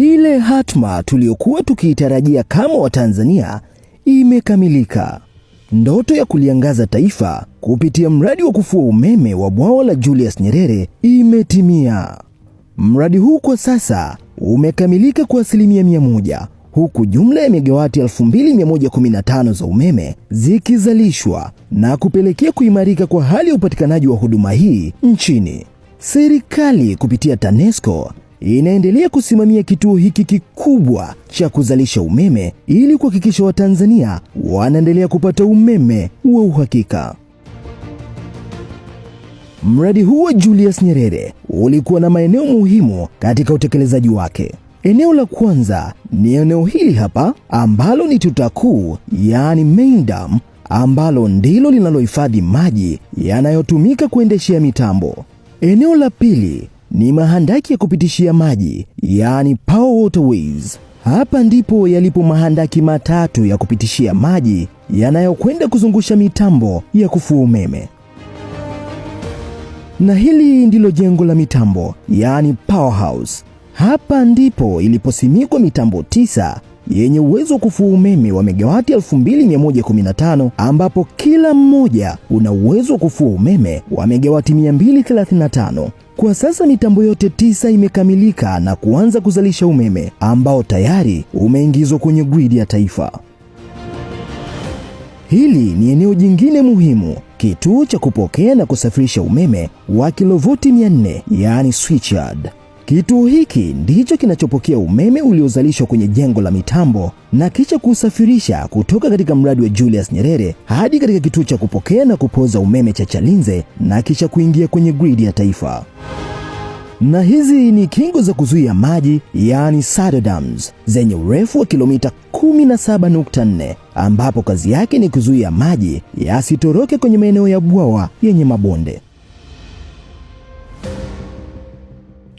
Ile hatma tuliyokuwa tukiitarajia kama Watanzania imekamilika. Ndoto ya kuliangaza taifa kupitia mradi wa kufua umeme wa bwawa la Julius Nyerere imetimia. Mradi huu kwa sasa umekamilika kwa asilimia mia moja huku jumla ya megawati 2115 za umeme zikizalishwa na kupelekea kuimarika kwa hali ya upatikanaji wa huduma hii nchini. Serikali kupitia TANESCO inaendelea kusimamia kituo hiki kikubwa cha kuzalisha umeme ili kuhakikisha Watanzania wanaendelea kupata umeme wa uhakika. Mradi huu wa Julius Nyerere ulikuwa na maeneo muhimu katika utekelezaji wake. Eneo la kwanza ni eneo hili hapa ambalo ni tuta kuu, yaani main dam, ambalo ndilo linalohifadhi maji yanayotumika kuendeshea mitambo. Eneo la pili ni mahandaki ya kupitishia maji, yaani power waterways. Hapa ndipo yalipo mahandaki matatu ya kupitishia maji yanayokwenda kuzungusha mitambo ya kufua umeme, na hili ndilo jengo la mitambo, yaani powerhouse. Hapa ndipo iliposimikwa mitambo tisa yenye uwezo wa kufua umeme wa megawati 2115 ambapo kila mmoja una uwezo wa kufua umeme wa megawati 235. Kwa sasa mitambo yote tisa imekamilika na kuanza kuzalisha umeme ambao tayari umeingizwa kwenye gridi ya taifa. Hili ni eneo jingine muhimu, kituo cha kupokea na kusafirisha umeme wa kilovoti 400, yaani switchyard. Kituo hiki ndicho kinachopokea umeme uliozalishwa kwenye jengo la mitambo na kisha kusafirisha kutoka katika mradi wa Julius Nyerere hadi katika kituo cha kupokea na kupoza umeme cha Chalinze na kisha kuingia kwenye gridi ya taifa. Na hizi ni kingo za kuzuia maji yaani saddle dams zenye urefu wa kilomita 17.4 ambapo kazi yake ni kuzuia maji yasitoroke kwenye maeneo ya bwawa yenye mabonde.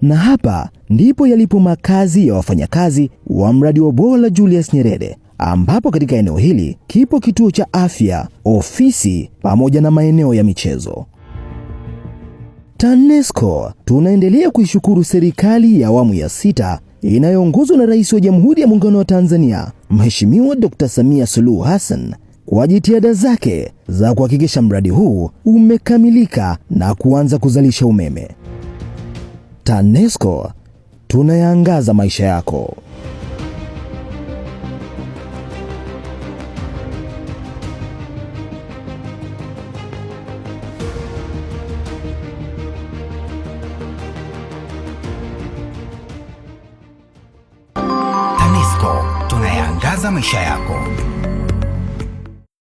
na hapa ndipo yalipo makazi ya wafanyakazi wa mradi wa bwawa la Julius Nyerere, ambapo katika eneo hili kipo kituo cha afya, ofisi pamoja na maeneo ya michezo. TANESCO tunaendelea kuishukuru serikali ya awamu ya sita inayoongozwa na Rais wa Jamhuri ya Muungano wa Tanzania Mheshimiwa Dr. Samia Suluhu Hassan kwa jitihada zake za kuhakikisha mradi huu umekamilika na kuanza kuzalisha umeme. TANESCO tunayaangaza maisha yako. TANESCO tunayaangaza maisha yako.